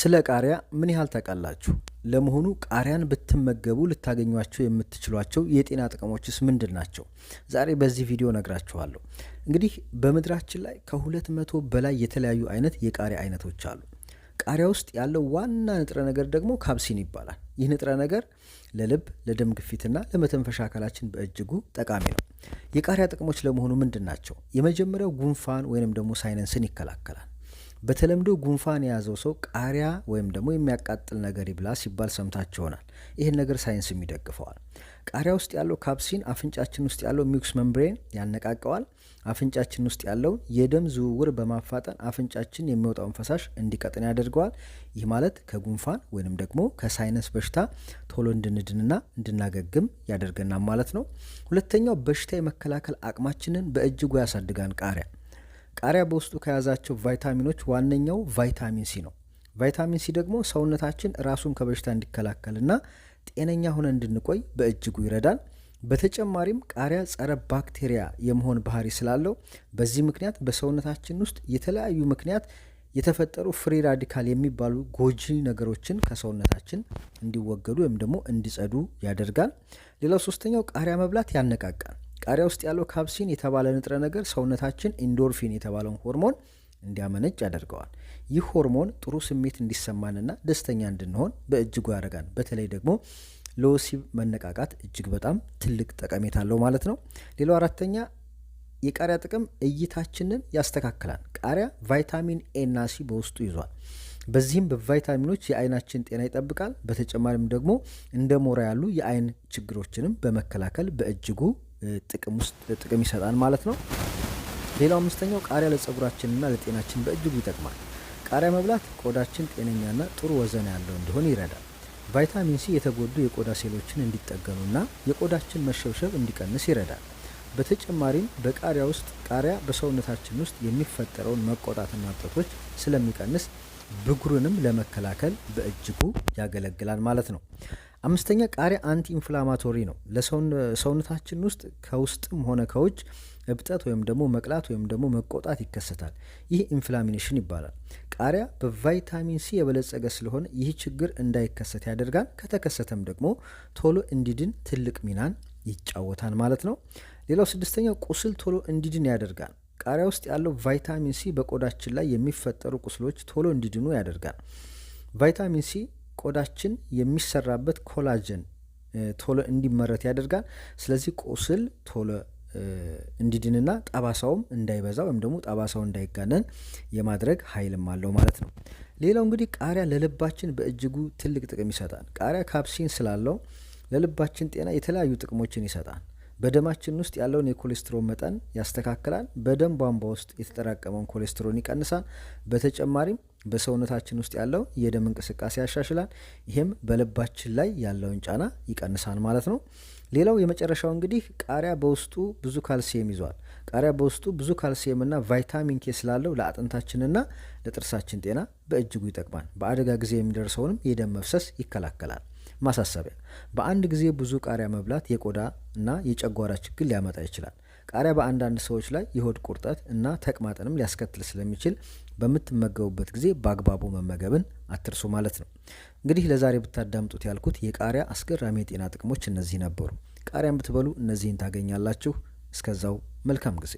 ስለ ቃሪያ ምን ያህል ታውቃላችሁ? ለመሆኑ ቃሪያን ብትመገቡ ልታገኟቸው የምትችሏቸው የጤና ጥቅሞችስ ምንድን ናቸው? ዛሬ በዚህ ቪዲዮ ነግራችኋለሁ። እንግዲህ በምድራችን ላይ ከሁለት መቶ በላይ የተለያዩ አይነት የቃሪያ አይነቶች አሉ። ቃሪያ ውስጥ ያለው ዋና ንጥረ ነገር ደግሞ ካፕሲን ይባላል። ይህ ንጥረ ነገር ለልብ፣ ለደም ግፊትና ለመተንፈሻ አካላችን በእጅጉ ጠቃሚ ነው። የቃሪያ ጥቅሞች ለመሆኑ ምንድን ናቸው? የመጀመሪያው ጉንፋን ወይንም ደግሞ ሳይነንስን ይከላከላል። በተለምዶ ጉንፋን የያዘው ሰው ቃሪያ ወይም ደግሞ የሚያቃጥል ነገር ይብላ ሲባል ሰምታችሁ ይሆናል። ይህን ነገር ሳይንስም ይደግፈዋል። ቃሪያ ውስጥ ያለው ካፕሲን አፍንጫችን ውስጥ ያለው ሚኩስ መምብሬን ያነቃቀዋል። አፍንጫችን ውስጥ ያለውን የደም ዝውውር በማፋጠን አፍንጫችን የሚወጣውን ፈሳሽ እንዲቀጥን ያደርገዋል። ይህ ማለት ከጉንፋን ወይንም ደግሞ ከሳይነስ በሽታ ቶሎ እንድንድንና እንድናገግም ያደርገናል ማለት ነው። ሁለተኛው በሽታ የመከላከል አቅማችንን በእጅጉ ያሳድጋን ቃሪያ ቃሪያ በውስጡ ከያዛቸው ቫይታሚኖች ዋነኛው ቫይታሚን ሲ ነው። ቫይታሚን ሲ ደግሞ ሰውነታችን ራሱን ከበሽታ እንዲከላከልና ጤነኛ ሆነ እንድንቆይ በእጅጉ ይረዳል። በተጨማሪም ቃሪያ ጸረ ባክቴሪያ የመሆን ባህሪ ስላለው በዚህ ምክንያት በሰውነታችን ውስጥ የተለያዩ ምክንያት የተፈጠሩ ፍሪ ራዲካል የሚባሉ ጎጂ ነገሮችን ከሰውነታችን እንዲወገዱ ወይም ደግሞ እንዲጸዱ ያደርጋል። ሌላው ሶስተኛው ቃሪያ መብላት ያነቃቃል። ቃሪያ ውስጥ ያለው ካፕሲን የተባለ ንጥረ ነገር ሰውነታችን ኢንዶርፊን የተባለውን ሆርሞን እንዲያመነጭ ያደርገዋል። ይህ ሆርሞን ጥሩ ስሜት እንዲሰማንና ደስተኛ እንድንሆን በእጅጉ ያደርጋል። በተለይ ደግሞ ለወሲብ መነቃቃት እጅግ በጣም ትልቅ ጠቀሜታ አለው ማለት ነው። ሌላው አራተኛ የቃሪያ ጥቅም እይታችንን ያስተካክላል። ቃሪያ ቫይታሚን ኤ እና ሲ በውስጡ ይዟል። በዚህም በቫይታሚኖች የአይናችን ጤና ይጠብቃል። በተጨማሪም ደግሞ እንደ ሞራ ያሉ የአይን ችግሮችንም በመከላከል በእጅጉ ጥቅም ውስጥ ጥቅም ይሰጣል ማለት ነው። ሌላው አምስተኛው ቃሪያ ለጸጉራችንና ለጤናችን በእጅጉ ይጠቅማል። ቃሪያ መብላት ቆዳችን ጤነኛና ጥሩ ወዘን ያለው እንዲሆን ይረዳል። ቫይታሚን ሲ የተጎዱ የቆዳ ሴሎችን እንዲጠገኑና የቆዳችን መሸብሸብ እንዲቀንስ ይረዳል። በተጨማሪም በቃሪያ ውስጥ ቃሪያ በሰውነታችን ውስጥ የሚፈጠረውን መቆጣትና እብጠቶች ስለሚቀንስ ብጉርንም ለመከላከል በእጅጉ ያገለግላል ማለት ነው። አምስተኛ ቃሪያ አንቲ ኢንፍላማቶሪ ነው። ለሰውነታችን ውስጥ ከውስጥም ሆነ ከውጭ እብጠት ወይም ደግሞ መቅላት ወይም ደግሞ መቆጣት ይከሰታል። ይህ ኢንፍላሚኔሽን ይባላል። ቃሪያ በቫይታሚን ሲ የበለጸገ ስለሆነ ይህ ችግር እንዳይከሰት ያደርጋል። ከተከሰተም ደግሞ ቶሎ እንዲድን ትልቅ ሚናን ይጫወታል ማለት ነው። ሌላው ስድስተኛው ቁስል ቶሎ እንዲድን ያደርጋል። ቃሪያ ውስጥ ያለው ቫይታሚን ሲ በቆዳችን ላይ የሚፈጠሩ ቁስሎች ቶሎ እንዲድኑ ያደርጋል። ቫይታሚን ሲ ቆዳችን የሚሰራበት ኮላጅን ቶሎ እንዲመረት ያደርጋል። ስለዚህ ቁስል ቶሎ እንዲድንና ጠባሳውም እንዳይበዛ ወይም ደግሞ ጠባሳው እንዳይጋነን የማድረግ ኃይልም አለው ማለት ነው። ሌላው እንግዲህ ቃሪያ ለልባችን በእጅጉ ትልቅ ጥቅም ይሰጣል። ቃሪያ ካፕሲን ስላለው ለልባችን ጤና የተለያዩ ጥቅሞችን ይሰጣል። በደማችን ውስጥ ያለውን የኮሌስትሮል መጠን ያስተካክላል። በደም ቧንቧ ውስጥ የተጠራቀመውን ኮሌስትሮል ይቀንሳል። በተጨማሪም በሰውነታችን ውስጥ ያለውን የደም እንቅስቃሴ ያሻሽላል። ይህም በልባችን ላይ ያለውን ጫና ይቀንሳል ማለት ነው። ሌላው የመጨረሻው እንግዲህ ቃሪያ በውስጡ ብዙ ካልሲየም ይዟል። ቃሪያ በውስጡ ብዙ ካልሲየምና ቫይታሚን ኬ ስላለው ለአጥንታችንና ለጥርሳችን ጤና በእጅጉ ይጠቅማል። በአደጋ ጊዜ የሚደርሰውንም የደም መፍሰስ ይከላከላል። ማሳሰቢያ በአንድ ጊዜ ብዙ ቃሪያ መብላት የቆዳ እና የጨጓራ ችግር ሊያመጣ ይችላል። ቃሪያ በአንዳንድ ሰዎች ላይ የሆድ ቁርጠት እና ተቅማጥንም ሊያስከትል ስለሚችል በምትመገቡበት ጊዜ በአግባቡ መመገብን አትርሱ ማለት ነው። እንግዲህ ለዛሬ ብታዳምጡት ያልኩት የቃሪያ አስገራሚ የጤና ጥቅሞች እነዚህ ነበሩ። ቃሪያን ብትበሉ እነዚህን ታገኛላችሁ። እስከዛው መልካም ጊዜ